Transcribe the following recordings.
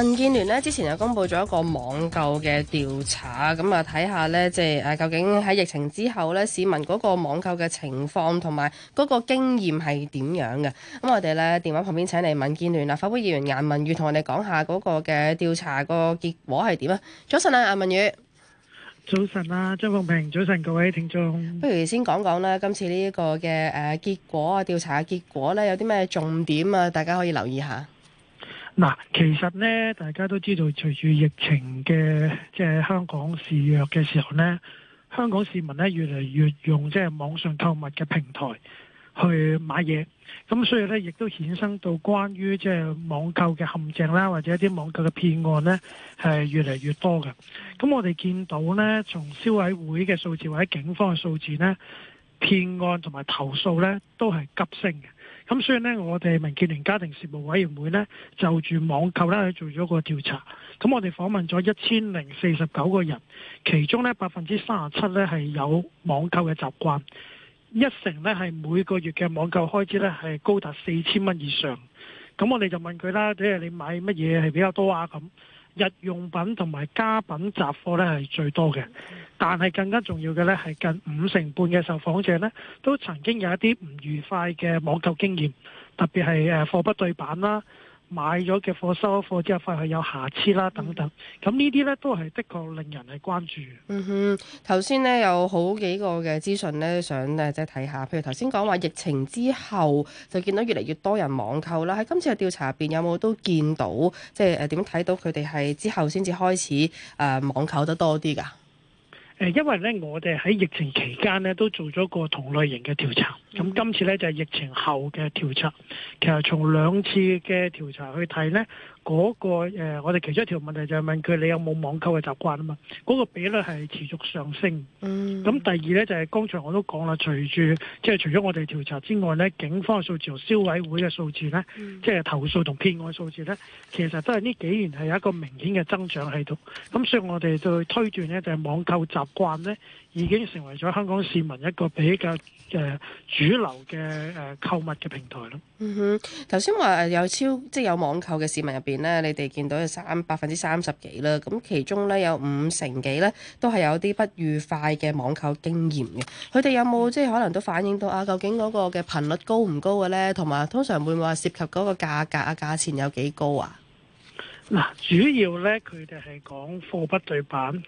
民建聯咧之前啊公布咗一個網購嘅調查，咁啊睇下呢，即係誒、啊、究竟喺疫情之後呢，市民嗰個網購嘅情況同埋嗰個經驗係點樣嘅？咁、嗯、我哋呢，電話旁邊請嚟民建聯立法會議員顏汶羽同我哋講下嗰個嘅調查個結果係點啊！早晨啊，顏汶羽。早晨啊，張國平。早晨各位聽眾。不如先講講咧今次呢一個嘅誒結果啊，調查嘅結果呢，有啲咩重點啊？大家可以留意下。嗱，其實咧，大家都知道，隨住疫情嘅即係香港肆虐嘅時候咧，香港市民咧越嚟越用即係網上購物嘅平台去買嘢，咁所以咧，亦都衍生到關於即係網購嘅陷阱啦，或者一啲網購嘅騙案咧，係越嚟越多嘅。咁我哋見到咧，從消委會嘅數字或者警方嘅數字咧，騙案同埋投訴咧都係急升嘅。咁所以呢，嗯、我哋民建聯家庭事務委員會呢，就住網購呢去做咗個調查。咁、嗯、我哋訪問咗一千零四十九個人，其中呢百分之三十七呢係有網購嘅習慣，一成呢係每個月嘅網購開支呢係高達四千蚊以上。咁、嗯、我哋就問佢啦，即係你買乜嘢係比較多啊咁。日用品同埋家品雜貨咧係最多嘅，但係更加重要嘅咧係近五成半嘅受訪者咧都曾經有一啲唔愉快嘅網購經驗，特別係誒貨不對版啦。買咗嘅貨收貨之後發現有瑕疵啦等等，咁呢啲咧都係的確令人係關注。嗯哼，頭先咧有好幾個嘅資訊咧想誒即係睇下，譬如頭先講話疫情之後就見到越嚟越多人網購啦。喺今次嘅調查入邊有冇都見到即係誒點睇到佢哋係之後先至開始誒網購得多啲㗎？誒，因為咧，我哋喺疫情期間咧都做咗個同類型嘅調查，咁今次咧就係疫情後嘅調查。其實從兩次嘅調查去睇咧。嗰、那個、呃、我哋其中一條問題就係問佢你有冇網購嘅習慣啊嘛？嗰、那個比率係持續上升。嗯。咁第二咧就係、是、剛才我都講啦，隨住即係除咗我哋調查之外咧，警方數字、同消委會嘅數字咧，嗯、即係投訴同騙案數字咧，其實都係呢幾年係一個明顯嘅增長喺度。咁所以我哋就推斷呢，就係、是、網購習慣咧，已經成為咗香港市民一個比較誒、呃、主流嘅誒、呃、購物嘅平台咯。嗯哼，頭先話有超即係有網購嘅市民入邊咧，你哋見到有三百分之三十幾啦，咁其中咧有五成幾咧，都係有啲不愉快嘅網購經驗嘅。佢哋有冇即係可能都反映到啊？究竟嗰個嘅頻率高唔高嘅咧？同埋通常會唔會話涉及嗰個價格啊？價錢有幾高啊？嗱，主要咧佢哋係講貨不對版，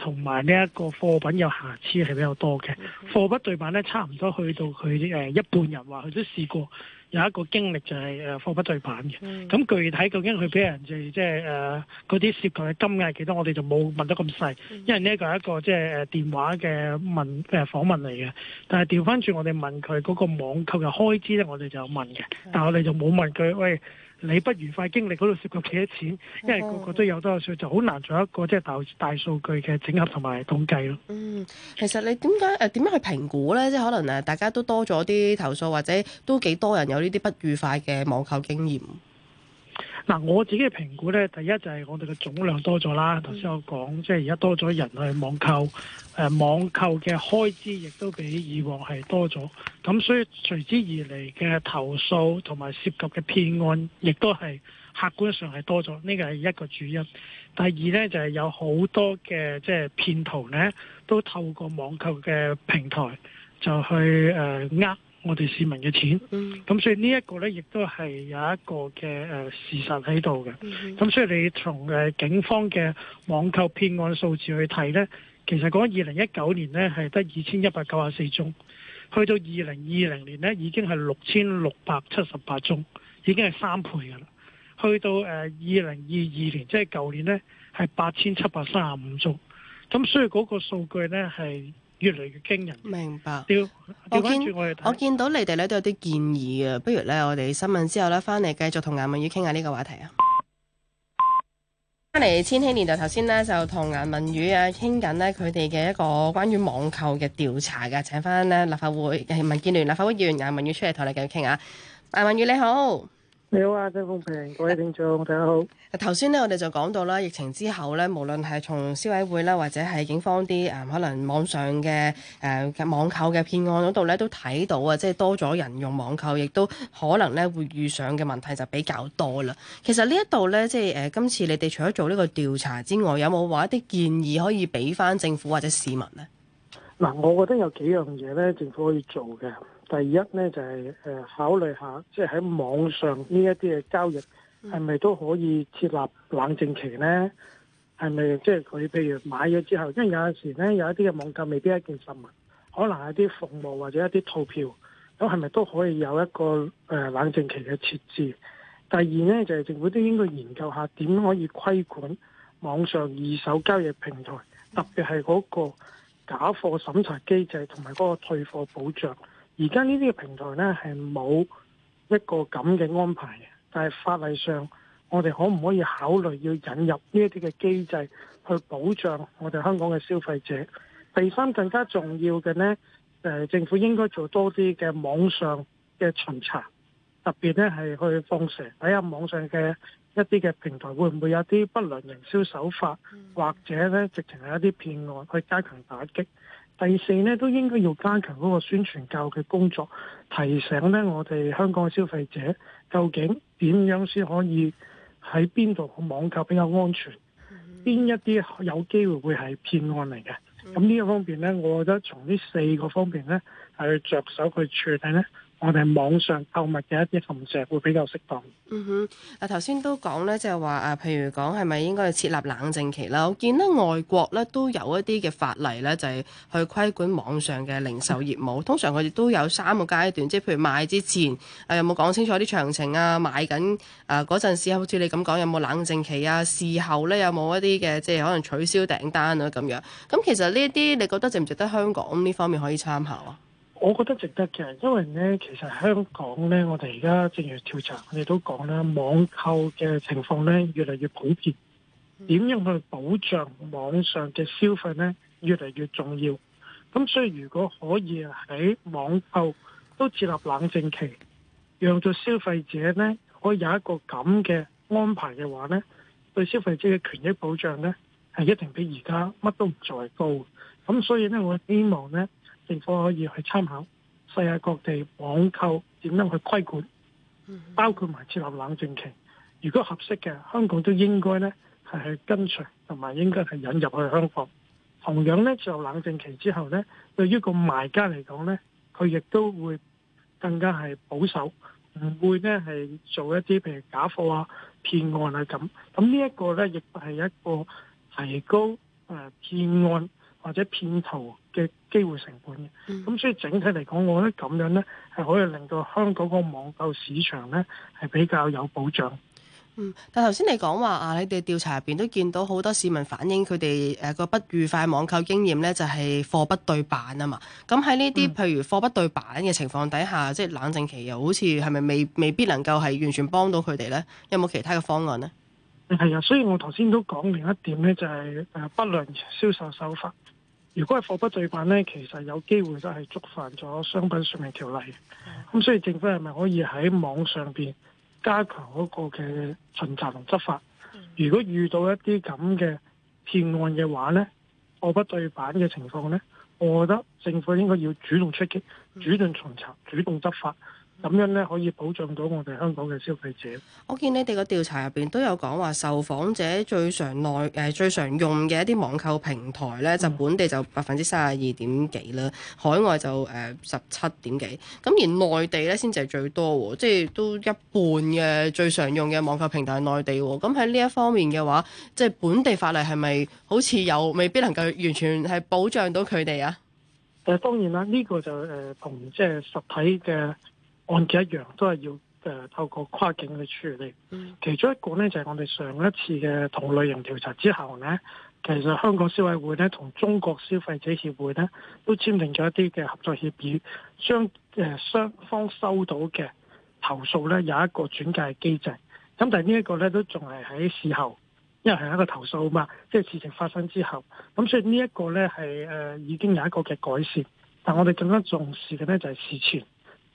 同埋呢一個貨品有瑕疵係比較多嘅。貨、嗯、不對版咧，差唔多去到佢誒、呃、一半人話佢都試過有一個經歷就係誒貨不對版嘅。咁、嗯、具體究竟佢俾人哋即係誒嗰啲涉及嘅金額係幾多？我哋就冇問得咁細，嗯、因為呢個係一個即係誒電話嘅問誒訪、呃、問嚟嘅。但係調翻轉我哋問佢嗰、嗰個網購嘅開支咧，我哋就有問嘅，但係我哋就冇問佢喂。你不愉快經歷嗰度涉及幾多錢？因為個個都有多少，就好難做一個即係大大數據嘅整合同埋統計咯。嗯，其實你點解誒點樣去評估呢？即係可能誒大家都多咗啲投訴，或者都幾多人有呢啲不愉快嘅網購經驗？嗱，我自己嘅評估咧，第一就係我哋嘅總量多咗啦。頭先我講，即係而家多咗人去網購，誒、呃、網購嘅開支亦都比以往係多咗。咁所以隨之而嚟嘅投訴同埋涉及嘅騙案，亦都係客觀上係多咗。呢個係一個主因。第二咧就係、是、有好多嘅即係騙徒咧，都透過網購嘅平台就去誒呃。我哋市民嘅錢，咁、嗯、所以呢一個呢，亦都係有一個嘅誒事實喺度嘅。咁、呃嗯嗯、所以你從誒、呃、警方嘅網購騙案數字去睇呢，其實講二零一九年呢係得二千一百九十四宗，去到二零二零年呢已經係六千六百七十八宗，已經係三倍㗎啦。去到誒二零二二年，即係舊年呢，係八千七百三十五宗，咁所以嗰個數據呢係。越嚟越驚人，明白。我，我見我見到你哋咧都有啲建議啊，不如咧我哋新聞之後咧翻嚟繼續同顏汶羽傾下呢個話題啊。翻嚟千禧年代，就頭先咧就同顏汶羽啊傾緊咧佢哋嘅一個關於網購嘅調查嘅，請翻咧立法會民建聯立法會議員顏汶羽出嚟同你繼續傾下。顏汶羽你好。你好啊，張鳳平，各位聽眾，大家好。頭先咧，我哋就講到啦，疫情之後咧，無論係從消委會啦，或者係警方啲誒，可能網上嘅誒網購嘅騙案嗰度咧，都睇到啊，即係多咗人用網購，亦都可能咧會遇上嘅問題就比較多啦。其實呢一度咧，即係誒，今次你哋除咗做呢個調查之外，有冇話一啲建議可以俾翻政府或者市民咧？嗱，我覺得有幾樣嘢咧，政府可以做嘅。第一咧就係誒考慮下，即係喺網上呢一啲嘅交易，係咪都可以設立冷靜期呢？係咪即係佢譬如買咗之後，因為有陣時咧有一啲嘅網購未必一件實物，可能係啲服務或者一啲套票，咁係咪都可以有一個誒冷靜期嘅設置？第二呢就係政府都應該研究下點可以規管網上二手交易平台，特別係嗰個假貨審查機制同埋嗰個退貨保障。而家呢啲嘅平台呢，係冇一個咁嘅安排嘅。但係法例上，我哋可唔可以考慮要引入呢一啲嘅機制去保障我哋香港嘅消費者？第三更加重要嘅呢，誒、呃，政府應該做多啲嘅網上嘅巡查，特別呢，係去放蛇睇下網上嘅。一啲嘅平台會唔會有啲不良營銷手法，mm hmm. 或者咧直情係一啲騙案，去加強打擊。第四咧，都應該要加強嗰個宣傳教育嘅工作，提醒咧我哋香港嘅消費者究竟點樣先可以喺邊度網購比較安全，邊、mm hmm. 一啲有機會會係騙案嚟嘅。咁呢一方面咧，我覺得從呢四個方面咧係着手去處理咧，我哋網上購物嘅一啲形式會比較適當。嗯哼，嗱頭先都講咧，即係話誒，譬如講係咪應該設立冷靜期啦？我見得外國咧都有一啲嘅法例咧，就係去規管網上嘅零售業務。通常佢哋都有三個階段，即係譬如買之前誒、啊、有冇講清楚啲詳情啊？買緊誒嗰陣時，好似你咁講有冇冷靜期啊？事後咧有冇一啲嘅即係可能取消訂單啊咁樣？咁其實呢啲你覺得值唔值得香港呢方面可以參考啊？我覺得值得嘅，因為呢，其實香港呢，我哋而家正如調查，我哋都講啦，網購嘅情況呢，越嚟越普遍。點樣去保障網上嘅消費呢，越嚟越重要。咁所以如果可以喺網購都設立冷靜期，讓咗消費者呢，可以有一個咁嘅安排嘅話呢，對消費者嘅權益保障呢，係一定比而家乜都唔再高。咁所以呢，我希望呢，政府可以去參考世界各地網購點樣去規管，包括埋設立冷靜期。如果合適嘅，香港都應該咧係去跟隨，同埋應該係引入去香港。同樣咧，設立冷靜期之後咧，對於個賣家嚟講咧，佢亦都會更加係保守，唔會咧係做一啲譬如假貨啊、騙案啊咁。咁呢一個咧，亦都係一個提高誒騙案或者騙徒嘅機會成本嘅，咁所以整體嚟講，我覺得咁樣呢係可以令到香港個網購市場呢係比較有保障。嗯，但係頭先你講話啊，你哋調查入邊都見到好多市民反映佢哋誒個不愉快網購經驗呢就係、是、貨不對辦啊嘛。咁喺呢啲譬如貨不對辦嘅情況底下，即係冷靜期又好似係咪未未必能夠係完全幫到佢哋呢？有冇其他嘅方案呢？係啊，所以我頭先都講另一點呢，就係、是、誒不良銷售,銷售手法。如果係貨不對辦，呢其實有機會都係觸犯咗商品説明條例。咁、mm hmm. 嗯、所以政府係咪可以喺網上邊加強嗰個嘅巡查同執法？Mm hmm. 如果遇到一啲咁嘅騙案嘅話呢，貨不對辦嘅情況呢，我覺得政府應該要主動出擊，主動巡查，主動執法。咁樣咧，可以保障到我哋香港嘅消費者。我見你哋個調查入邊都有講話，受訪者最常內誒最常用嘅一啲網購平台咧，就、嗯、本地就百分之三十二點幾啦，海外就誒十七點幾。咁而內地咧先至係最多，即係都一半嘅最常用嘅網購平台係內地。咁喺呢一方面嘅話，即係本地法例係咪好似有未必能夠完全係保障到佢哋啊？誒當然啦，呢、呢個就誒同即係實體嘅。案件一樣都係要誒、呃、透過跨境去處理。其中一個呢，就係、是、我哋上一次嘅同類型調查之後呢，其實香港消委會呢，同中國消費者協會呢，都簽訂咗一啲嘅合作協議，將誒、呃、雙方收到嘅投訴呢，有一個轉介機制。咁但係呢一個呢，都仲係喺事後，因為係一個投訴嘛，即係事情發生之後。咁所以呢一個呢，係誒、呃、已經有一個嘅改善，但我哋更加重視嘅呢，就係、是、事前。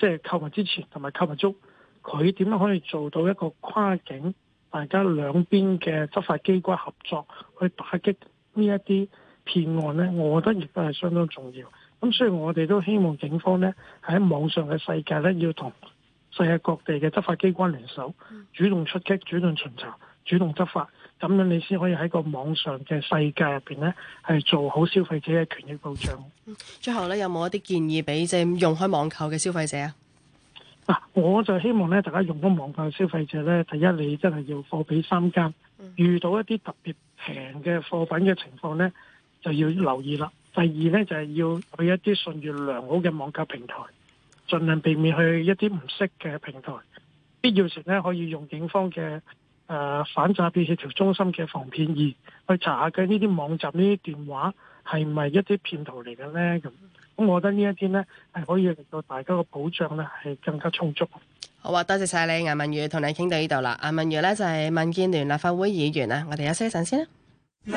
即係購物之前同埋購物中，佢點樣可以做到一個跨境，大家兩邊嘅執法機關合作去打擊呢一啲騙案呢？我覺得亦都係相當重要。咁所以我哋都希望警方呢，喺網上嘅世界呢，要同世界各地嘅執法機關聯手，主動出擊、主動巡查、主動執法。咁樣你先可以喺個網上嘅世界入邊呢，係做好消費者嘅權益保障。嗯。最後呢，有冇一啲建議俾即用開網購嘅消費者啊？我就希望咧，大家用開網購嘅消費者呢，第一你真係要貨比三家，遇到一啲特別平嘅貨品嘅情況呢，就要留意啦。第二呢，就係要去一啲信譽良好嘅網購平台，盡量避免去一啲唔識嘅平台。必要時呢，可以用警方嘅，誒、呃、反詐騙協調中心嘅防騙易，去查下佢呢啲網站、呢啲電話係咪一啲騙徒嚟嘅咧？咁，咁我覺得呢一啲咧係可以令到大家嘅保障咧係更加充足。好啊，多謝晒你，顏汶羽，同你傾到呢度啦。顏汶羽咧就係、是、民建聯立法會議員啊，我哋休息一陣先啦。嗯